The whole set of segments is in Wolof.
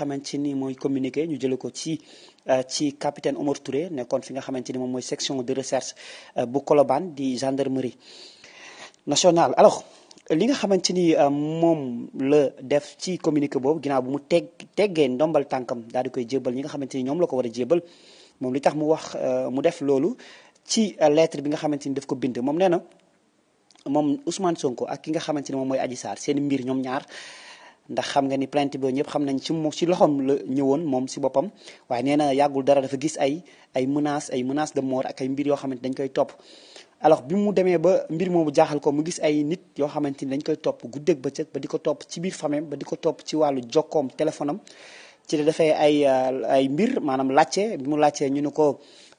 xamante ni mooy communiqué ñu jële ko ci euh, ci capitaine Omar Touré nekkoon fi nga xamante ni moom mooy section de recherche euh, bu Colobane di gendarmerie nationale alors li nga xamante ni euh, moom la def ci communiqué boobu ginaaw bi mu teg teggee ndombal tànkam daal di koy jébal ñi nga xamante ni ñoom la ko war a jébal moom li tax mu wax mu def loolu ci lettre bi nga xamante ni daf ko bind moom nee na moom Ousmane Sonko ak ki nga xamante ni moom mooy Adji Sarr seen mbir ñoom ñaar ndax xam nga ni plainte boobu ñëpp xam nañ ci moom ci loxoom la ñëwoon moom ci boppam waaye nee na yàggul dara dafa gis ay ay menaces ay menaces de mort ak ay mbir yoo xamante dañ koy topp alors bi mu demee ba mbir moomu jaaxal ko mu gis ay nit yoo xamante ni dañ koy topp guddeeg bëccëg ba di ko topp ci biir famem ba di ko topp ci wàllu jokkoom téléphone ci la defee ay euh, ay mbir maanaam laajte bi mu laajte ñu ne ko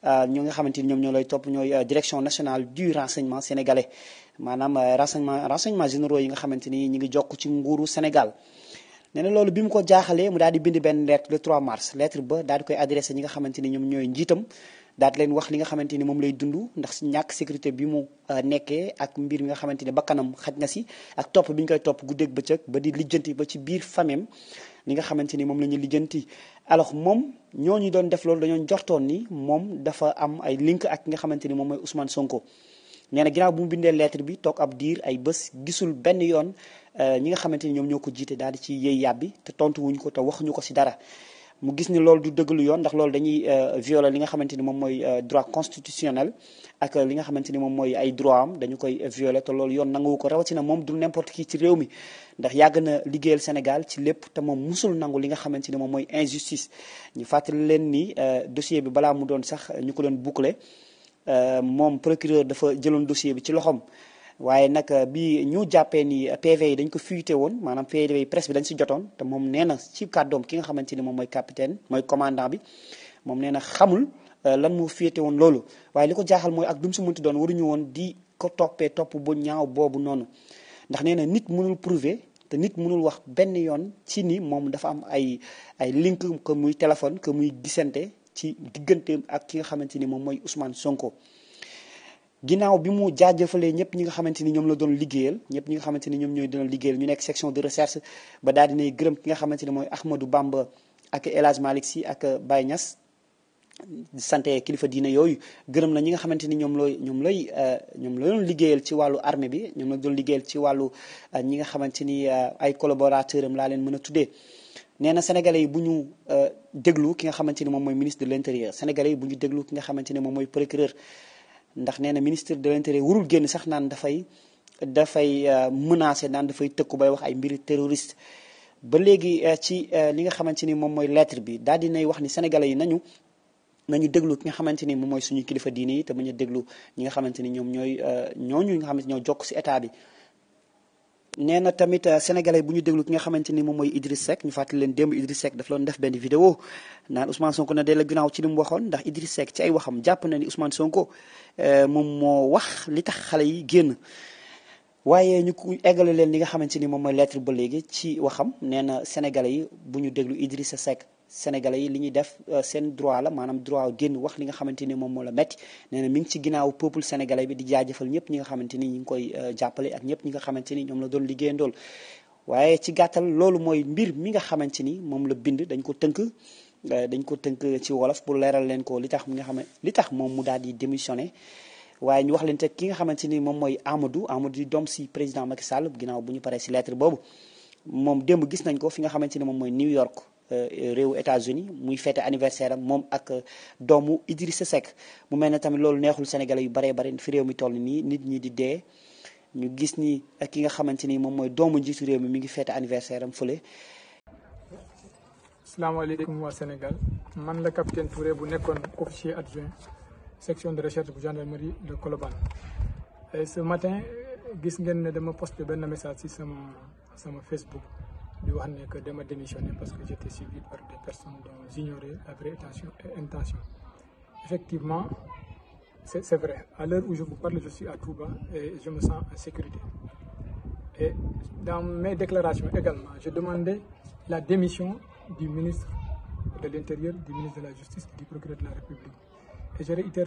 euh, ñu nga xamante ni ñoom ñoo lay topp ñooy euh, direction nationale du renseignement sénégalais maanaam renseignement renseignement généraux yi nga xamante ni ñu ngi jokk ci nguuru Sénégal. nee na loolu bi mu ko jaaxalee mu daal di bind benn lettre le 3 mars lettre ba daal di koy adressé ñi nga xamante ni ñoom ñooy njiitam. daat leen wax li nga xamante ni moom lay dund ndax ñàkk sécurité bi mu euh, nekkee ak mbir mi nga xamante ni bakkanam xaj na si ak topp bi ñu koy topp guddeeg bëccëg ba di lijjanti ba ci biir fameem li nga xamante ni moom la ñu lijjanti alors moom ñoo ñooñu doon def loolu dañoo jortoon ni moom dafa am ay link ak ki nga xamante ni moom mooy Ousmane Sonko nee na ginnaaw bu mu bindee lettre bi toog ab diir ay bés gisul benn yoon euh, ñi nga xamante ni ñoom ñoo ko jiite daal di ci yëy yàbbi te tontu ko te waxuñu ko si dara mu gis ni loolu du dëgg lu yoon ndax loolu dañuy euh, violer li nga xamante ni moom mooy euh, droit constitutionnel ak euh, li nga xamante ni moom mooy ay droit am dañu koy violer te loolu yoon nanguwu ko rawatina moom du n'importe qui ci réew mi ndax yàgg na liggéeyal Sénégal ci lépp te moom musul nangu li nga xamante ni moom mooy injustice ñu fàttali leen ni dossier bi balaa mu doon sax ñu ko doon boucler moom procureur dafa jëloon dossier bi ci loxoom waaye nag euh, bi ñu jàppee ni PV yi dañ ko fuité woon maanaam PV yi presse bi dañ si jotoon te moom nee na ci kàddoom ki nga xamante ni moom mooy capitaine mooy commandant bi moom nee na xamul euh, lan moo fuité woon loolu waaye li ko jaaxal mooy ak dum si mënti doon waruñu woon di ko toppee topp bu ñaaw boobu noonu ndax nee na nit mënul prouver te nit mënul wax benn yoon ci ni moom dafa am ay ay link muy téléphone que muy gisante ci digganteem ak ki nga xamante ni moom mooy Ousmane Sonko ginnaaw bi mu jaajëfalee ñëpp ñi nga xamante ni ñoom la doon liggéeyal ñëpp ñi nga ni ñoom ñooy doon liggéeyal ñu nekk section de recherche ba daal dinay gërëm ki nga xamante ni mooy Ahmadou Bamba ak El Hadj Malick Sy ak bay ñas sante sant kilifa diine yooyu gërëm na ñi nga xamante ni ñoom looy ñoom lay euh, ñoom la liggéeyal ci wàllu armée bi ñoom la doon liggéeyal ci wàllu euh, ñi nga xamante ni euh, ay collaborateur am laa leen mën a tuddee nee na sénégalais yi bu ñu déglu ki nga xamante ni moom mooy ministre de l'intérieur bu ñu déglu ki nga xamante ni moom mooy procureur ndax nee na ministre de l'intérieur warul génn sax naan dafay dafay euh, menacer naan dafay tëkku bay wax ay mbiri terroriste ba léegi euh, ci euh, li nga xamante ni moom mooy lettre bi daal di nay wax ni sénégalais yi nañu nañu déglu ki nga xamante ni moom mooy suñu kilifa diini yi te bañ a déglu ñi nga xamante ni ñoom ñooy ñooñu nga xamante ñoo jokk ci état bi nee na tamit euh, sénégalais bu ñu déglu ki nga xamante ni moom mooy Idriss Seck ñu fàttali leen démb Idriss Seck daf loon def benn vidéo naan Ousmane Sonko na delloo ginnaaw ci li mu waxoon ndax Idriss Seck ci ay waxam jàpp na ni Ousmane Sonko euh, moom moo wax li tax xale yi génn waaye ñu ko eggale leen li nga xamante ni moom mooy lettre ba léegi ci waxam nee na sénégalais yi bu ñu déglu Idriss Seck. sénégalais yi li ñuy def euh, seen droit la maanaam droit génn wax li nga xamante ni moom moo la métti nee na mi ngi ci ginnaaw peuple sénégalais bi di jaajëfal ñëpp ñi nga xamante ni ñi ngi koy euh, jàppale ak ñëpp ñi nga xamante ni ñoom la doon liggéeyandool waaye ci gàttal loolu mooy mbir mi nga xamante ni moom la bind dañ ko tënk euh, dañ ko tënk ci wolof pour leeral leen ko li tax mi nga xam li tax moom mu daal di démissionné waaye ñu wax leen ki nga xamante ni moom mooy Amadou doom si président Macky Sall ginnaaw bu ñu paree si lettre boobu moom démb gis nañ ko fi nga xamante ni moom mooy New York %e réewu États-Unis muy fêté :fra am moom ak euh, doomu Idrissa Seck mu mel ne tamit loolu neexul sénégalais :fra yu bëree bëri fi réew mi toll nii nit ñi di dee ñu gis ni euh, ki nga xamante ni moom mooy doomu njiitu réew mi mi ngi fêté :fra anniversaire :fra am fële salaamaaleykum waa Sénégal man la capitaine :fra bu nekkoon officier :fra section de :fra recherche :fra bu gendarmerie :fra de :fra Colobane ce matin gis ngeen ne dama posté :fra benn message :fra si sama sama Facebook di wax ne que dama démissionné parce que j'étais suivi par des personnes dont j'ignorais la vraie et intention effectivement c'est vrai à l'heure où je vous parle je suis à Touba et je me sens en sécurité et dans mes déclarations également je demandais la démission du ministre de l'Intérieur du ministre de la Justice et du procureur de la République et je réitère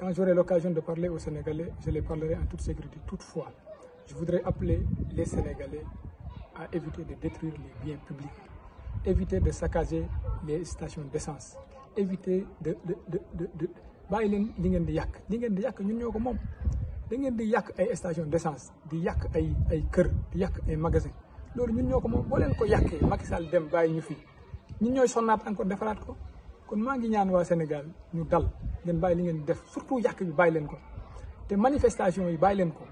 de parler aux Sénégalais je les parlerai en toute sécurité toutefois je voudrais appeler les Sénégalais a éviter de détruire les biens publics, éviter de saccager les stations d'essence, éviter de de de de de bàyyi leen li ngeen di yàq li ngeen di yàkk ñun ñoo ko moom da ngeen di yàq ay stations d'essence di yàq ay ay kër di yàq ay magasin loolu ñun ñoo ko moom boo leen ko yàqee Macky Sall dem bàyyi ñu fii ñun ñooy sonnaat encore defaraat ko kon maa ngi ñaan waa Sénégal ñu dal ngeen bàyyi li ngeen def surtout yàq bi bàyyi leen ko te manifestation yi bàyyi leen ko.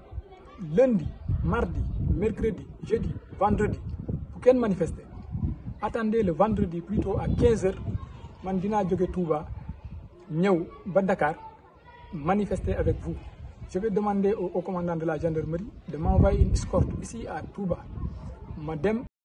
lundi mardi mercredi jeudi vendredi bu kenn manifester attendez le vendredi plutôt à 15 heures man dinaa jóge Touba ñëw ba Dakar manifester avec vous je vais demander au, au commandant de la gendarmerie de m'envoyer une escorte ici à Touba ma dem